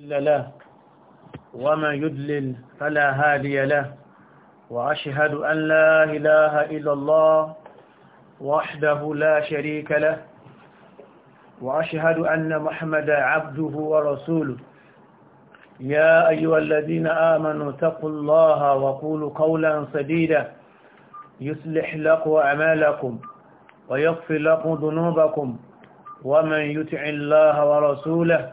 إلا له ومن يدلل فلا هادي له وأشهد أن لا إله إلا الله وحده لا شريك له وأشهد أن محمد عبده ورسوله يا أيها الذين آمنوا اتقوا الله وقولوا قولا سديدا يصلح لكم أعمالكم ويغفر لكم ذنوبكم ومن يطع الله ورسوله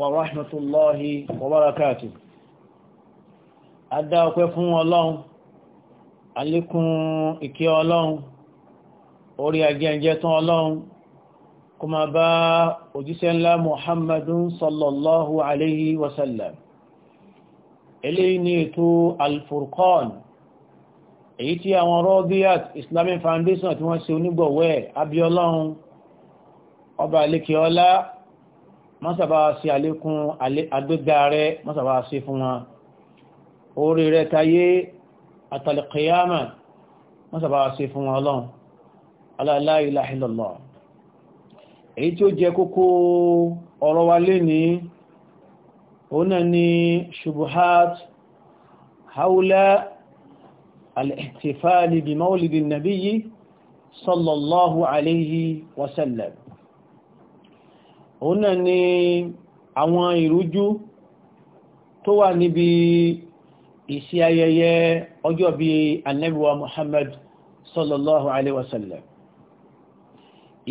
wàràhìmọ̀tòlọ́hì wàbárakàtù adá ọpẹ́ fún ọlọ́run alékún ìkẹ́ ọlọ́run orí agẹ́ǹjẹ́ tán ọlọ́run kó ma bá òjíṣẹ́ ńlá muhammadun sallallahu alaihi wasallam eléyìí ni ètò alfurqan èyí tí àwọn rọ́bíyat islamic foundation tí wọ́n ṣe onígbọ̀wẹ́ abíọ́lọ́run ọba alékẹ́ mọ́sàbá sí alékún agbégbà rẹ mọ́sàbá sí fún wọn orí rẹ tayé àtàlẹ̀kìyàmà mọ́sàbá sí fún wọn ọlọ́run alá ilaha illallah èyí tí ó jẹ kókó ọ̀rọ̀ wa lé ní ọ̀nà ni ṣubuhat haula al-ihtifali bi maulidin nabiyyi sallallahu alayhi wa òun náà ni àwọn ìrújú tó wà níbi ìṣe ayẹyẹ ọjọ́ bí anẹ́bíwa Muhammad sallallahu alaihi wasallam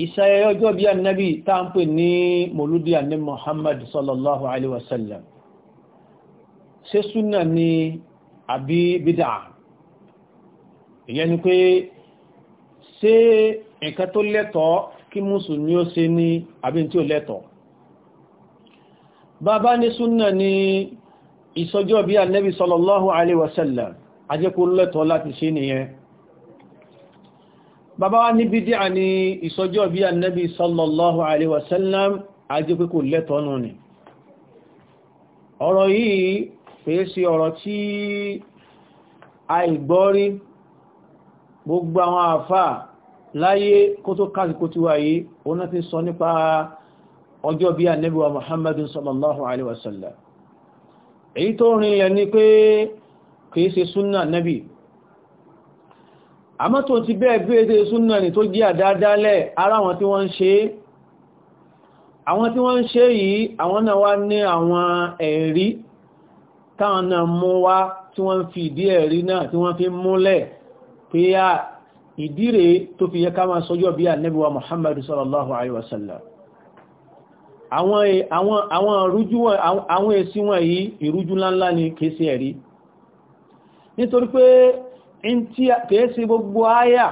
ìṣe ayẹyẹ ọjọ́ bí anẹ́bí tá ń pè ní mọ̀lúdí anẹ́ Muhammad sallallahu alaihi wasallam ṣe súnà ni àbí bídà ìyẹn ni pé ṣe nǹkan tó lẹ́tọ̀ọ́ kí mùsùlùmí ó ṣe ní àbí tí ó lẹ́tọ̀ bàbá ní súnnà ní ìsọjọ́ bí annabi sallallahu alaihi wasallam ajẹ́kú lẹ́tọ̀ láti ṣe nìyẹn bàbá wá ní bídíà ní ìsọjọ́ bí annabi sallallahu alaihi láyé kó tó kásìkò tí wáyé òun náà ti sọ nípa ọjọ́ bí Ànábì wa Muhammad sallallahu alaihi wasallam èyí tó rinlẹ̀ ni pé kìí ṣe súnnà Ànábì àmọ́ tó ti bẹ́ẹ̀ bí ètò súnnà ni tó jẹ́ àdádálẹ̀ ara wọn tí wọ́n ń ṣe àwọn tí wọ́n ń ṣe yìí àwọn náà wá ní àwọn ẹ̀rí táwọn náà mú wá tí wọ́n fi ìdí ẹ̀rí náà tí wọ́n fi múlẹ̀ pé ah, ìdíre tó fi yẹ ká máa sọjọ́ bí ànábì wa muhammadu sallallahu alaihi wasallam àwọn èsì wọn yìí ìrújú ńláńlá ni kèsì ẹ̀rí nítorí pé kèsì gbogbo ayà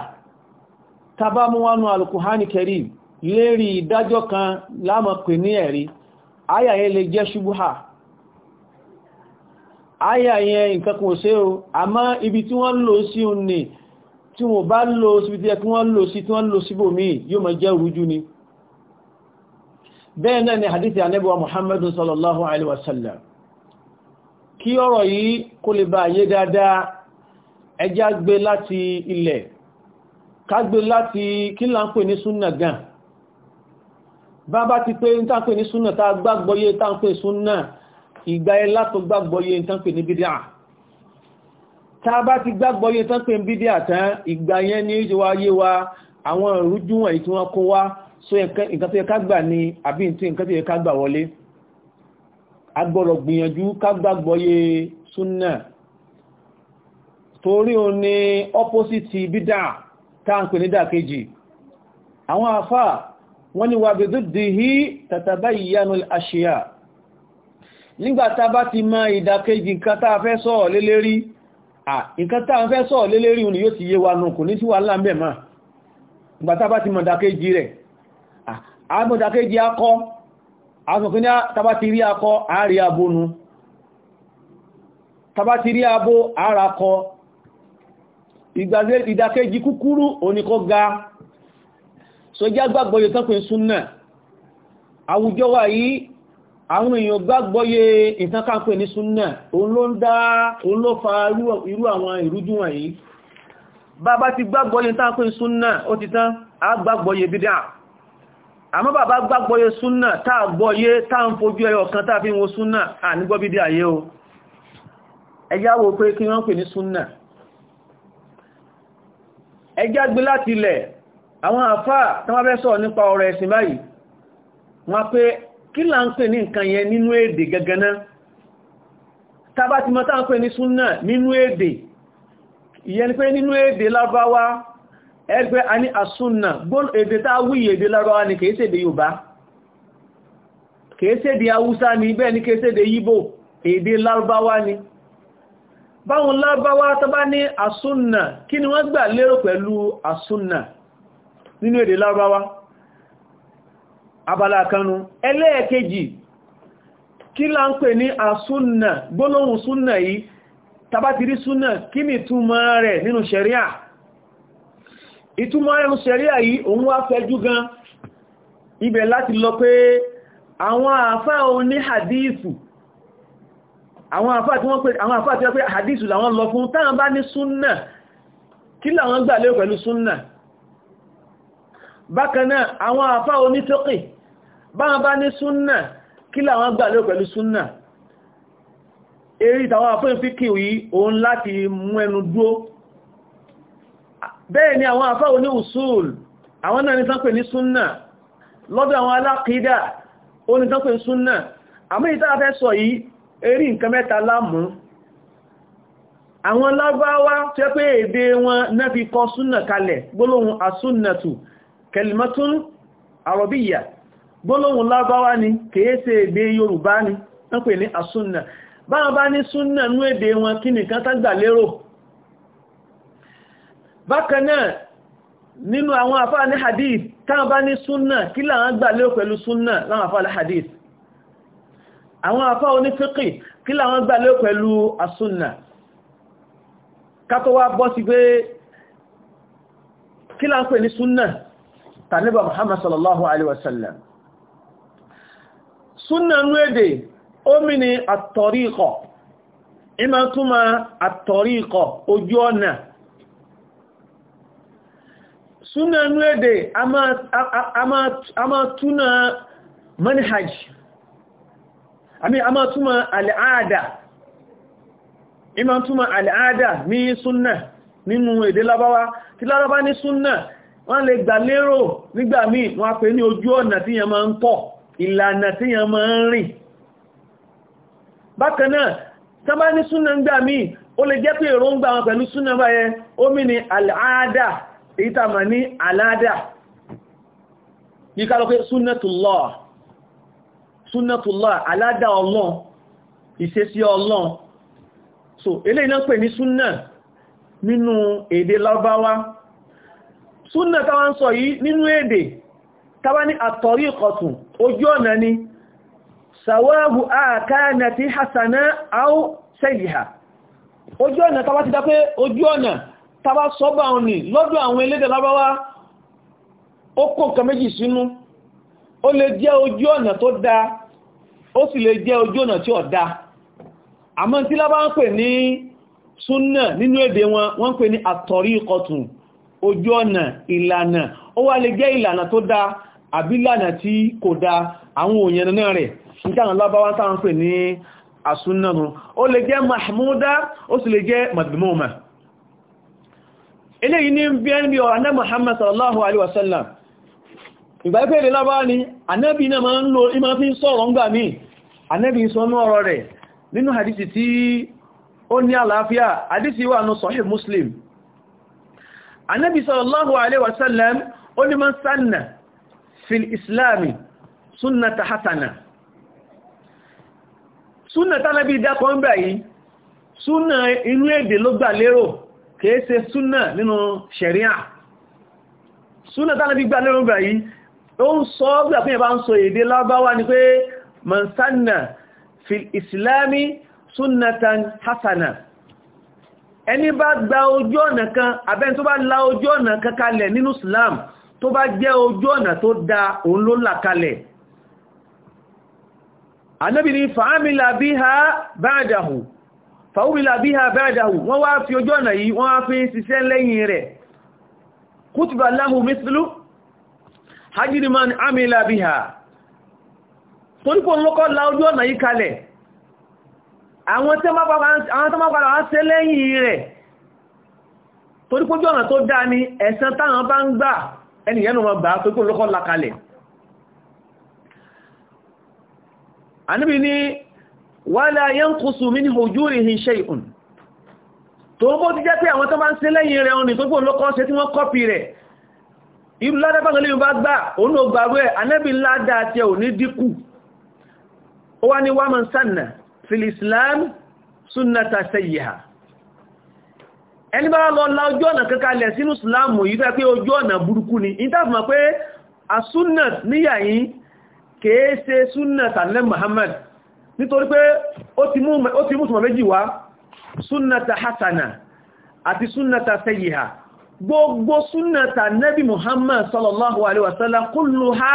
tabamuwanu alukuhani kerim lérí ìdájọ́ kan lámọ̀ pè ní ẹ̀rí ayà yẹn lè jẹ́ ṣubúhà ayà yẹn nǹkan kò ṣe o àmọ́ ibi tí wọ́n lò sí òun ni tí wọ́n bá lò síbi tí ẹkùn wọ́n lò sí tí wọ́n lò síbò míì yóò máa jẹ́ rújú ni bẹ́ẹ̀ náà ni hadithi Ànábì wa muhammadu sallallahu alaihi wasallam kí ọ̀rọ̀ yìí kó lè bá yé dáadáa ẹjá gbé láti ilẹ̀ ká gbé láti kí là ń pè ní súnà gan bá bá ti pé ń tánpè ní súnà tá gbàgbọ́yé tánpè súnà ìgbà látọ̀ gbàgbọ́yé tánpè ní bídíà tá bá ti gbàgbọ́ yẹ tán pé ń bí dí àtán ìgbà yẹn ní ìjọ wa yé wa àwọn ìrújú wọ̀nyí tí wọ́n kó wá so nǹkan tó yẹ ká gbà ní àbí tí nǹkan tó yẹ ká gbà wọlé agbọ́rọ̀ gbìyànjú ká gbàgbọ́ yẹ súnà torí o ní opposite bídà tá ń pè ní dàkejì àwọn àfà wọ́n ní wà biddihi nǹkan táwọn fẹ́ sọ̀rọ̀ lé lérí òun yóò ti yé wa nù kò ní sí wa ńlá mẹ́mà ìgbàtà bá ti mọ̀ dákéjì rẹ̀ àmọ́ akọ́ asòfin ní tàbá ti rí akọ́ àárí abo tàbá ti rí abo ara kọ ìdákéjì kúkúrú oníkọ́ ga sójá gbàgbọ́ yóò tán pín súnnà wa yìí àwọn èèyàn gbàgbọ́yé ìtànkàpẹ̀ ní súnnà òun ló ń dá òun ló fa irú àwọn ìrújú wọ̀nyí bàbá ti gbàgbọ́yé ìtànkàpẹ̀ súnnà ó ti tán a gbàgbọ́yé bídá àmọ́ bàbá gbàgbọ́yé súnnà táà gbọ́yé táà ń fojú ẹyọ kan táà fi wo súnnà à nígbọ́ bídí ayé o ẹjá wo pé kí là ń pè ní nǹkan yẹn nínú èdè gẹ́gẹ́ná tàbá ti mọ́ tá ń pè ní súnnà nínú èdè ìyẹn ni pé nínú èdè lárúbáwá ẹgbẹ́ a ní àsúnnà gbọ́n èdè wúyè èdè ni kèése èdè Yorùbá kèése èdè Haúsá ni bẹ́ẹ̀ ni kèése èdè Yíbò èdè lárúbáwá ni báwọn lárúbáwá tó bá ní àsúnnà kí ni wọ́n gbà lérò pẹ̀lú abala kanu ẹlẹ́ẹ̀kejì kí la ń pè ní asúnnà gbólóhùn súnnà yìí tabatiri súnnà kí ni túnmọ́ rẹ̀ nínú ṣẹ̀ríà ìtúmọ̀ rẹ̀ nínú ṣẹ̀ríà yìí òun wá fẹ́jú gan ibẹ̀ láti lọ pé àwọn àfá oní hadithu àwọn àfá tí wọ́n pè àwọn àfá tí wọ́n pè hadithu làwọn lọ fún táwọn bá ní súnnà kí làwọn gbà lérò pẹ̀lú súnnà bákan àwọn àfá oní fiqh báwọn bá ní súnnà kí làwọn gbà ló pẹ̀lú súnnà èrí tàwọn àfóyìn fíkì yìí òun láti mú ẹnu dúó bẹ́ẹ̀ ni àwọn afọ ní usul àwọn náà ní sánpẹ̀ ní súnnà lọ́dọ̀ àwọn alákìídà ó ní sánpẹ̀ ní súnnà àmì ìtàlá fẹ́ sọ yìí èrí nǹkan mẹ́ta lámú àwọn lágbáwá tẹ́ pé èdè wọn náà fi kọ súnnà kalẹ̀ gbólóhùn asúnnàtù kẹlìmọ́tún àrọ̀bíyà gbólóhùn lágbáwá ni kèése èdè yorùbá ni nkwenye pè ní asúnnà báwọn bá ní súnnà ní èdè wọn kí nìkan tágbà lérò bákanáà nínú àwọn àfáà ní hadith táwọn bá ní súnnà kí láwọn gbà lérò pẹ̀lú súnnà láwọn àfáà ní hadith kila suna nwede omini atoriko ima tuma atoriko ojú ọna suna nwede ama tuna manhaj ami ama tuma al'ada ima tuma al'ada mi suna ninu ede labawa ti laraba ni suna wọ́n lè gbà lérò nígbà míì wọ́n pè ní ojú ọ̀nà ìlànà tí yàn máa ń rìn bákanáà sábá ní súnà ń gbà míì ó lè jẹ́ pé èròǹgbà wọn pẹ̀lú súnà báyẹ omi ni aláàdà èyí tàbí ní aláàdà yí ká lọ pé ọlọ́n ìṣesí ọlọ́n so eléyìí náà pè ní súnà nínú èdè lárúbáwá súnà táwọn sọ yìí nínú èdè tàbá ní àtọ̀rí ìkọtù ojú ọ̀nà ni sàwọ́bù àkáànà tí hasana áó sẹ́yìhà ojú ọ̀nà tàbá ti dápé ojú ọ̀nà tàbá sọ́bà òní lọ́dọ̀ àwọn elédè lábáwá ó kó nǹkan méjì sínú ó lè jẹ́ ojú ọ̀nà tó dá ó sì lè jẹ́ ojú ọ̀nà tí ó dá àmọ́ tí lábá ń pè ní nínú èdè wọn wọ́n ń pè ní àtọ̀rí ojú ọ̀nà ìlànà ó wá lè jẹ́ ìlànà tó dáa àbílànà tí kò dá àwọn òyìn náà rẹ̀ nítàwọn lábáwá táwọn pè ní àsúnnàmù ó lè jẹ́ mahmuda ó sì lè jẹ́ madmuma eléyìí ní bí ẹni bí ọ̀rọ̀ anábì Muhammad sallallahu alaihi wasallam ìgbà pé èdè lábá ni anábì náà máa ń lo ìmá fi ń sọ̀rọ̀ ńgbà míì anábì ń sọ ní ọ̀rọ̀ rẹ̀ nínú hadisi ó ní àlàáfíà hadisi fil islami súnnata hasana súnnata nábi dákọ̀ ń bẹ̀ yìí súnnà inú èdè ló gbà lérò kìí ṣe súnnà nínú ṣẹ̀ríà súnnata nábi gbà lérò bẹ̀ yìí ó ń sọ bí àfihàn bá ń sọ èdè lábáwá ni pé mansanna fil islami súnnatan hasana ẹni bá gba ojú ọ̀nà kan abẹ́ni tó bá la ojú ọ̀nà kan nínú islam tó bá jẹ́ ojú ọ̀nà tó dá òun ló là kalẹ̀ Ànábì ní fa'amila biha ba'dahu fa'umila biha ba'dahu wọ́n wá fi ojú ọ̀nà yìí wọ́n wá fi ṣiṣẹ́ lẹ́yìn rẹ̀ kutiba lahu mithlu hajri man la ojú ọ̀nà yìí kalẹ̀ àwọn tẹ́ máa padà wá ṣe lẹ́yìn rẹ̀ torípò táwọn bá ń gbà ẹniyẹnu ma bá pé kún lókọ́ lakalẹ̀ anábi ni wala yanqusu min hujurihi shay'un tó bó ti jẹ́ pé àwọn tó bá ń ṣe lẹ́yìn rẹ̀ òní tó kún lókọ́ ṣe tí wọ́n kọ́pì rẹ̀ irú ládẹ́bàgbẹ̀lẹ́yìn bá gbà òun ò gbàrú ẹni bá lọ la ojú ọ̀nà kankalẹ̀ sínú islamu yìí fẹ́ pé ojú ọ̀nà burúkú ni ìtàfimọ̀ pé a súnà níyà yìí kèé ṣe súnà tàlẹ́ Muhammad nítorí pé ó ti mú túnmọ̀ méjì wá súnàtà hasana àti súnàtà sayyiha gbogbo Muhammad sallallahu alaihi wasallam kulluha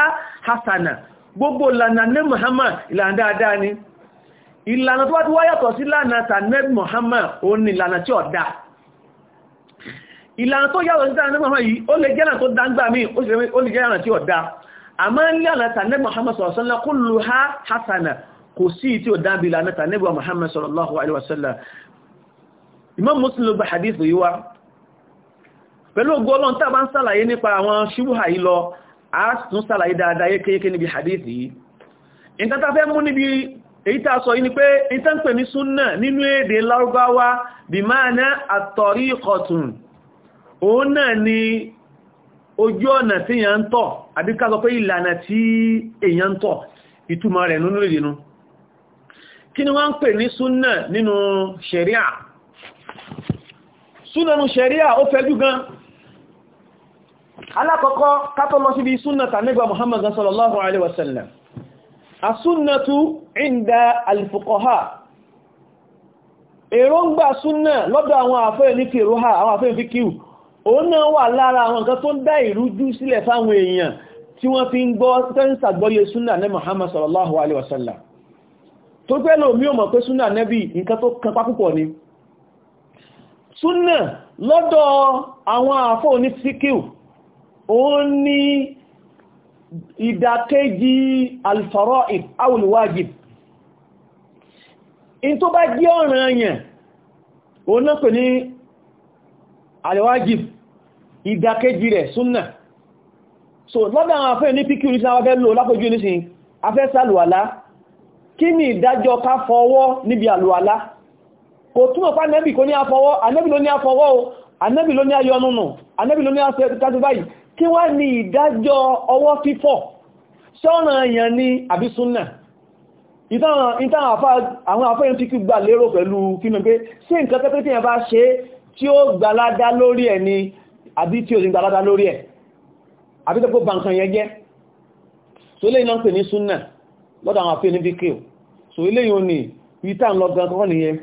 hasana gbogbo lànà ní Muhammad ìlànà dáadáa ni ìlànà tó wá ti wáyàtọ̀ sí lànà tà nẹ́bí Muhammad òun ni ìlànà tí ó ìlànà tó yàwó sí tánà mọ́mọ́ yìí ó lè jẹ́nà tó dáńgbà mí ó lè jẹ́nà tí ó dá àmọ́ ìlànà tánà Muhammad sallallahu alaihi wasallam kulluha hasana kò sí tí ó dábì ìlànà tánà Muhammad sallallahu alaihi wasallam Imam Muslim ló gba hadith yìí wá pẹ̀lú ogun ọlọ́run tàbá ń sàlàyé nípa àwọn ṣubúhà yìí lọ a tún sàlàyé dáadáa yékéyéké níbi hadith yìí nǹkan ta fẹ́ mú níbi sọ yìí ni pé ìtànpẹ̀ ní súnnà nínú èdè lárúbáwá bí máa ná àtọ̀rí ìkọ̀tún òun náà ni ojú ọ̀nà tí èyàn ń tọ̀ àbí ká sọ pé ìlànà tí èyàn ń tọ̀ ìtumọ̀ rẹ̀ nínú ìdínú kí ni wọ́n ń pè ní súnà nínú ṣẹ̀ríà súnà nínú ṣẹ̀ríà ó fẹ́jú gan alákọ̀ọ́kọ́ ká lọ síbi súnà Muhammad inda èròǹgbà súnà lọ́dọ̀ àwọn àfẹ́ ní ha àwọn àfẹ́ ìfikíù òun náà wà lára àwọn nǹkan tó ń dá ìrújú sílẹ̀ fáwọn èèyàn tí wọ́n fi ń gbọ́ tẹ́ǹsàgbọ́yé súnà ní Muhammad sallallahu alaihi wasallam tó pẹ́lú omi ò mọ̀ pé súnà nẹ́bí nǹkan tó kan pápúpọ̀ ni súnà lọ́dọ̀ àwọn àfọ́ ní síkíù òun ni ìdàkejì al-fara'id awul wajib in tó bá jẹ́ ọ̀ranyàn òun náà pè ní al ìdàkejì rẹ̀ súnnà so lọ́dọ̀ àwọn afẹ́ ní píkí oníṣẹ́ àwọn afẹ́ lò lápójú oníṣìn afẹ́ sàlùwàlá kí ni ìdájọ́ ká fọwọ́ níbi àlùwàlá kò túnmọ̀ pa anẹ́bì kò ní afọwọ́ anẹ́bì ló ní afọwọ́ o anẹ́bì ló ní ayọ́nùnù anẹ́bì ló ní asẹ́kàtù báyìí kí wá ní ìdájọ́ ọwọ́ fífọ̀ sọ́rọ̀ èèyàn ní àbí súnnà ìtàn àwọn afẹ́ tí kí gbà lérò pẹ̀lú kí àbí tí o ní gbàládá lórí ẹ̀ àbí tó kó ba nǹkan yẹn jẹ́ so ilé iná ń pè ní súnà lọ́dọ̀ àwọn àfihàn níbi kí o so ilé yóò ní ìta ń lọ nìyẹn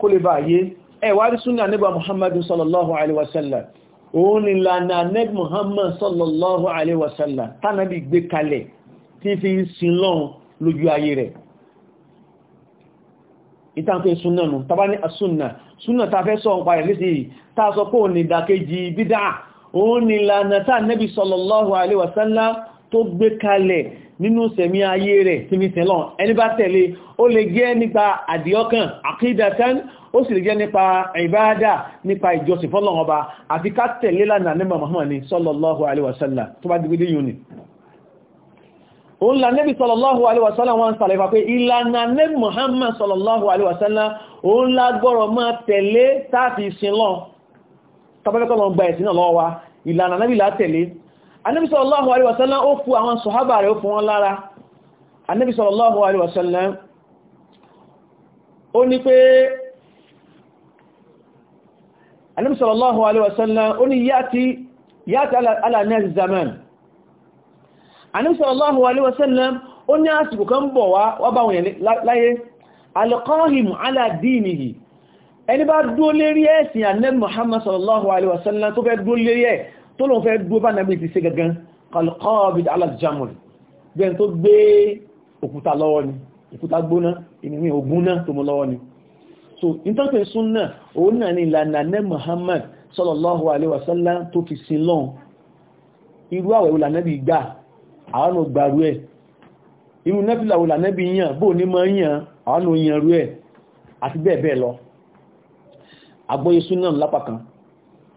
kó lè bá yé ẹ wá rí súnà nígbà muhammadu sallallahu alaihi wasallam òun ni lànà nẹ́bí muhammad sallallahu alaihi wasallam tánàbí gbé kalẹ̀ tí fi sin lọ́run lójú ayé rẹ̀ ìtànfẹ́ súnnà nù tàbá ní àsúnnà súnnà ta fẹ́ sọ ọ̀pá ìrísí ta sọ pé òun ni ìdàkejì bídá òun ni lànà tàà nẹ́bí sallallahu alaihi wasallam tó gbé kalẹ̀ nínú sẹ̀mí ayé rẹ̀ tíbi tẹ̀lọ́n ẹni bá tẹ̀lé ó lè jẹ́ nípa àdíọ́kàn àkídàtán ó sì lè jẹ́ sallallahu alaihi wasallam tó bá dìgbé ó ń la nẹ́bí sallallahu alaihi wasallam wọ́n sàlẹ̀fà pé ìlànà nẹ́bí Muhammad sallallahu alaihi wasallam ó ń lágbọ́rọ̀ máa tẹ̀lé tàbí ìsinlọ́ tàbẹ́kọ́lọ́ gba ẹ̀sìn náà lọ́wọ́ wa ìlànà nẹ́bí látẹ̀lé anẹ́bí sallallahu alaihi wasallam ó fún àwọn sọ̀hábà rẹ̀ ó fún wọn lára anẹ́bí sallallahu alaihi wasallam ó ní pé anẹ́bí sallallahu alaihi wasallam ó ní yáti ala Ànábì sallallahu alaihi wasallam ó ní àsìkò kan bọ̀ wá wá bá wọn láyé alqahim ala dinihi ẹni bá dúó lérí ẹ̀sìn Ànábì Muhammad sallallahu alaihi wasallam tó fẹ́ dúó lérí ẹ̀ tó lọ fẹ́ dúó bá nàbí ti ṣe gangan kalqabid ala jamr so ìtọ́pẹ̀ súnnà òun náà ni ìlànà ní Muhammad sallallahu alaihi wasallam tó fi sin irú àwẹ̀ ìlànà bí àwọn ògbàrú ẹ̀ inú nẹ́fìlà wò lànẹ́bí yàn bó ní mọ́ yàn àwọn òyìnrú ẹ̀ àti ruo lọ àgbóyé súnà lápákan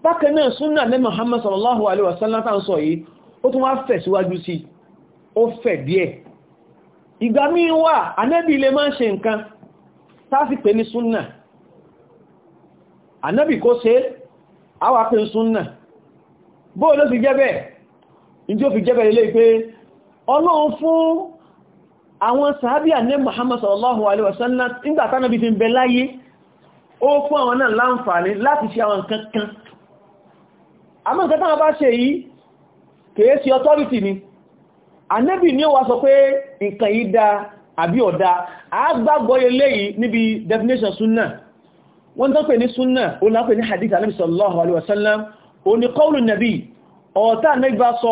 bákan súnà ní Muhammad sallallahu alaihi wasallam tán sọ yìí ó tún wá fẹ̀ fi jebe, o fi jebe ọlọ́run fún àwọn sàábí àní Muhammad sallallahu alaihi wasallam nígbà tí Ànábì fi ń bẹ láyé ó fún àwọn náà láǹfààní láti ṣe àwọn nǹkan kan àmọ́ nǹkan táwọn bá ṣe yìí kèé sí authority ni Ànábì ni ó wá sọ pé nǹkan yìí dáa àbí ọ̀dá agbágbọ́ eléyìí níbi definition sunna wọ́n tó pè ní sunna o náà ní hadith Ànábì sallallahu alaihi wasallam ní qawlu nabi ọ̀tá nẹ́gbà sọ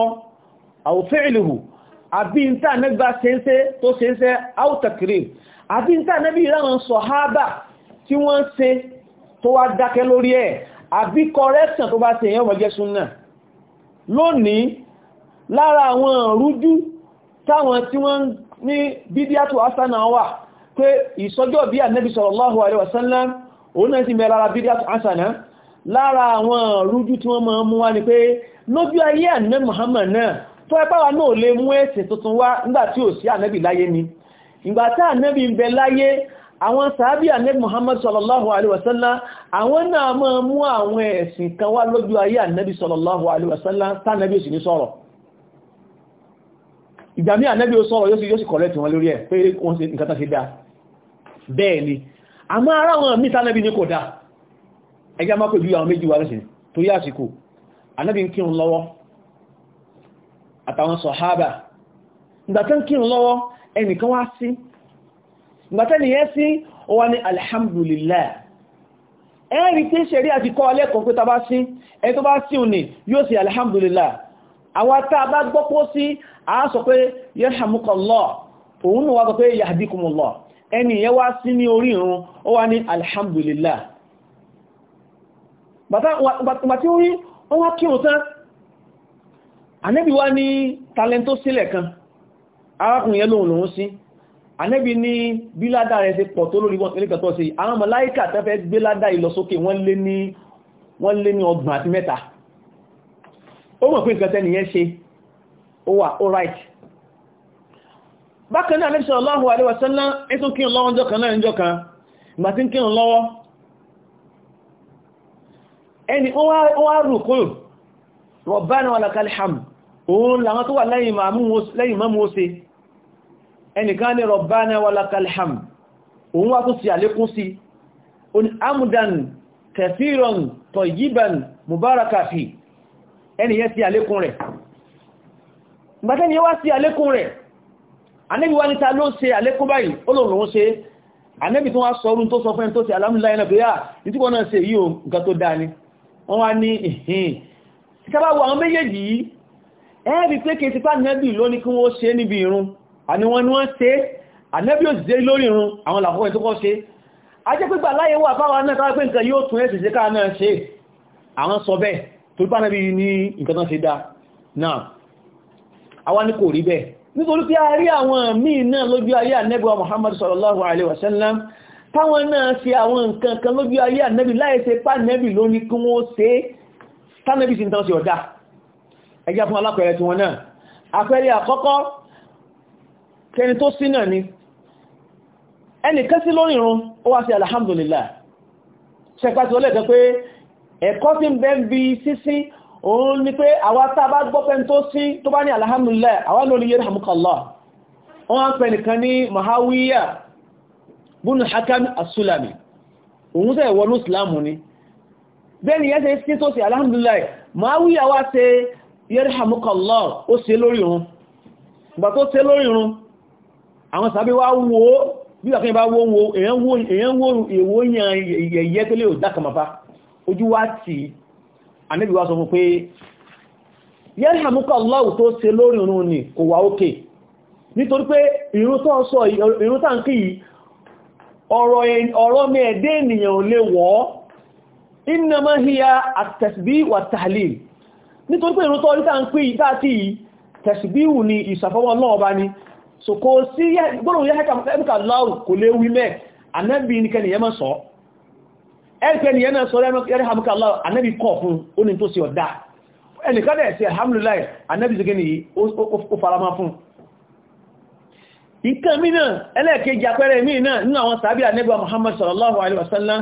aw fi'luhu àbí ń tà nẹ́gbà ṣeéṣe tó ṣeéṣe áùtàkìrì àbí ń tà nẹ́bí ìráwọn sọ̀hábà tí wọ́n ṣe tó wá dákẹ́ lórí ẹ̀ àbí correction tó bá ṣe èyàn wọ́n jẹ́ súnnà lónìí lára àwọn rújú táwọn tí wọ́n ní bídíàtù asana wà pé ìsọjọ́ bí ànẹ́bí sallallahu alaihi wasallam òun náà ti mẹ́ lára bídíàtù asana lára àwọn rújú tí wọ́n máa mú wá ni pé lójú ayé ànẹ́ Muhammad tó ẹpáwà náà lè mú ẹ̀sẹ̀ tuntun wá nígbàtí ò sí ànẹ́bì láyé ni ìgbàtí ànẹ́bì ń bẹ láyé àwọn sàábí ànẹ́bì Muhammad sallallahu alaihi wasallam àwọn náà máa mú àwọn ẹ̀sìn kan wá lójú ayé ànẹ́bì sallallahu alaihi wasallam tánẹ́bì ò sì ní sọ̀rọ̀ àtàwọn sọ̀hábà ìgbàtẹ́ ń kírùn lọ́wọ́ ẹnìkan wá sí ìgbàtẹ́ nìyẹ́ sí ó wá ní alhamdulillah ẹ̀rí tí ṣẹ̀rí àti kọ́ alẹ́kọ̀ọ́ pé tàbá sí ẹni tó bá sí òní yóò alhamdulillah àwọn tá bá sí a sọ pé yarhamukallah òun náà wá sọ pé yahdikumullah ẹni yẹ wá sí ní orí wá ní alhamdulillah bàtí ó rí wọ́n wá kírùn tán anẹ́bí wá ní talento sílẹ̀ kan arákùnrin yẹn lòun lòun sí anẹ́bí ní bí ládá rẹ̀ ṣe pọ̀ tó lórí ẹlẹ́kẹ̀tọ́ sí àwọn màláíkà tẹ́fẹ́ gbé ládá ìlọsókè wọ́n lé ní ọgbọ̀n àti mẹ́ta ó mọ̀ pé nǹkan tẹ́niyẹn ṣe ó wà all right bákan náà anẹ́bí sallallahu alaihi wasallam kí lọ́wọ́ ọjọ́ kan náà kan ìgbà tí ń kí òun làwọn tó wà lẹ́yìn mọ́mú ó se ẹnìkan ní Rabbana walakalham òun wá tó sì àlékún sí o ní amdan kathiran tayyiban mubarakafi ẹniyẹ sí àlékún rẹ̀ gbàtẹ́ni wá sí àlékún rẹ̀ anẹ́bí wá níta ló ṣe àlékún báyìí olóòrùn ṣe anẹ́bí tó wá sọ orun tó sọ fún ẹni tó ṣe alámúláyìn náà pé yá ah, nítíkọ́ náà ṣe yíò nǹkan tó dáa ni wọ́n wá ní ìhìn ìkábáwọ̀ àwọn méjèèjì yìí ẹ́rì pé kìí sípá nẹ́bì ló ní kí wọ́n ṣe níbi irun àni wọ́n ni wọ́n ṣe ànẹ́bì ò ṣe lórí irun àwọn làkọ́kọ́ tó kọ́ ṣe a jẹ́ pípa láyé wà fáwọn náà tàbí nǹkan yóò tún ẹ̀sì ṣe káà náà ṣe àwọn sọ bẹ́ẹ̀ tó bá nẹ́bì ní nǹkan tán ṣe dá náà àwa ní kò rí bẹ́ẹ̀ nítorí pé a rí àwọn míì náà lójú ayé ànẹ́bì wa Muhammad sallallahu alaihi wasallam táwọn náà ṣe àwọn nǹkan kan lójú ayé ànẹ́bì láì ṣe pá nẹ́bì ló ní kí wọ́n ṣe tánẹ́bì sí ní tán ṣe ọ̀dá ẹjá fún alápẹ̀ẹ́rẹ́ tí wọ́n náà àpẹẹrẹ àkọ́kọ́ kẹni tó sí náà ni ẹni kẹsí lórí irun ó wá sí alhamdulillah ṣẹpàtí ó lẹ́ẹ̀kẹ́ pé ẹ̀kọ́ tí ń bẹ ń bí sísí òun ni pé àwa tá bá gbọ́pẹ́ tó sí tó bá ní alhamdulillah àwa lórí yarhamukallah Hakam as-Sulami òun sẹ́ wọnú Islam ni bẹ́ẹ̀ni yẹ́ sẹ́ sí alhamdulillah Muawiya wá yẹ́rìhàmúkọ̀lọ́ ó ṣe lórí irun ìgbà tó ṣe lórí irun àwọn sàbí wá wo bí wà kí bá wó wo èyàn wó èwó yàn yẹ̀yẹ́ tó lè ò dákàmàfá ojú wá tí àníbì wá sọ fún pé yẹ́rìhàmúkọ̀lọ́ tó ṣe lórí irun ni kò wà ókè nítorí pé irun tó ọ̀rọ̀ mẹ́ẹ̀dẹ́ ènìyàn lè wọ́ nítorí pé ìrútọ́ orí tàà ń pè ìdá tí tẹ̀sìbíhù ni ìṣàfọwọ́ náà bá ní so kò sí gbọ́nà yẹ́ ẹ̀kà láwù kò lè wí mẹ́ ànábì nìkẹni yẹ́ mọ́ sọ ẹ̀kẹni yẹ́ náà sọ yẹ́ hàmùkà láwù ànábì kọ̀ fún ó ní tó sí ọ̀dá ẹnìkan ẹ̀sẹ̀ alhamdulillah ànábì sí kẹni ó farama fún nǹkan mí náà ẹlẹ́ẹ̀kejì apẹ́rẹ mí náà nínú àwọn sàábì ànábì sallallahu alaihi wasallam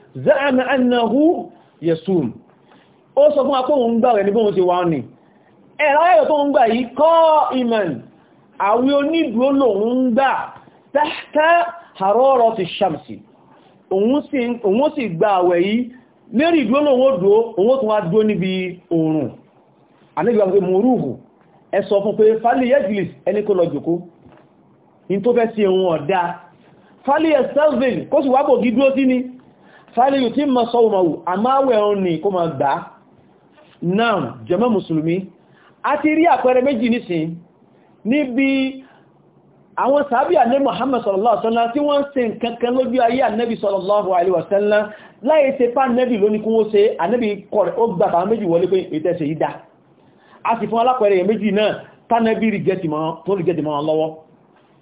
za'ama annahu yasum ó sọ fún apó òun gbà rẹ̀ ní bóhun ṣe wà ní ẹ̀rọ ayẹ́rẹ̀ tó ń gbà yìí kọ́ iman àwí onídúró lòun gbà tahta hararati shamsi òun sì gbà àwẹ̀ yìí lérí ìdúró lòun ó dúró òun tún wá dúró níbi oòrùn ànígbà pé mo rúhù ẹ sọ fún pé fálí yẹ́gìlis ẹni kó lọ jòkó in tó fẹ́ sí ohun ọ̀dá fálí ẹ̀ selvin kó sì wábò gídúró sí ni fàílì tí ma sọ umaru àmáwẹ̀ ọ ní kó ma gbá náà jẹmọ́ musulmi a ti rí àpẹẹrẹ méjì nísìn níbi àwọn sàábí ànẹ́ Muhammad sallallahu alaihi wasallam tí wọ́n ń ṣe nǹkankan lójú ayé ànẹ́bì sallallahu alaihi wasallam láyé tẹ pá ànẹ́bì lónìí kún ó ṣe ànẹ́bì kọ̀rẹ̀ ó gbà àwọn méjì wọlé pé ìtẹ́sẹ̀ yìí dá a sì fún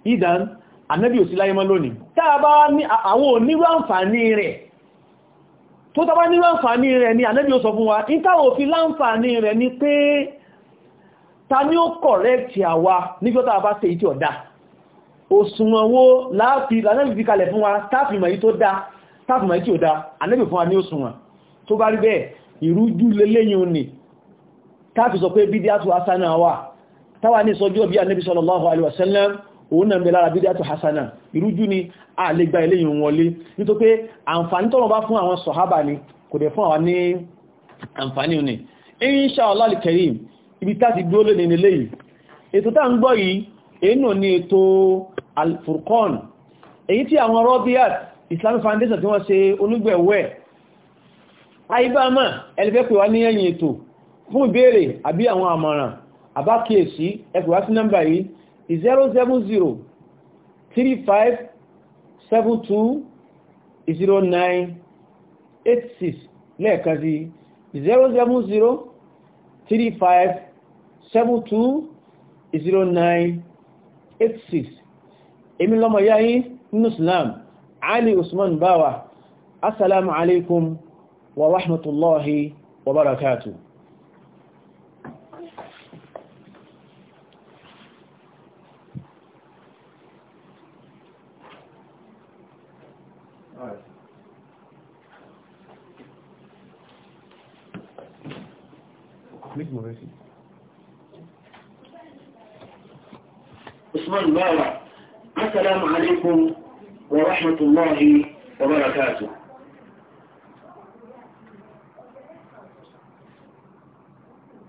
ìdán ànẹ́bì ò sí láyé mọ́ lónìí tá ní àwọn onírú àǹfààní rẹ̀ tó tàbá ní láǹfààní rẹ̀ ni ànẹ́bí ó sọ fún wa ìtàwò fi láǹfààní rẹ̀ ni pé ta ni ó kọ̀rẹ́kì àwa nígbọ́ta bá ṣe ìtì ọ̀dá òsùnwọ̀wó láàfin ànẹ́bí wa táàfìmọ̀ yí tó dá táàfìmọ̀ yí tí ó dá ànẹ́bí fún wa ní òsùnwọ̀n tó bá rí bẹ́ẹ̀ ìrújú lélẹ́yìn òní táàfi wasallam òun náà bẹ lára bídíà tó hasana ìrújú ni a lè gba eléyìn wọlé nítorí pé àǹfààní tọ́rọ bá fún àwọn sọ̀hábà ni kò dẹ̀ fún àwọn ní àǹfààní ní insha Allah al-karim ibi táti dúró lè nílé yìí ètò tá ń gbọ́ yìí èyí ní ètò al-Furqan èyí tí àwọn Rabiat sí nọ́mbà yìí 070 3572 0986 lẹ́ẹ̀kan sí 070 3572 0986 èmi lọ́mọ yá yí nínú Islam Ali Usman Bawa assalamu alaikum wa rahmatullahi wa barakatuh الله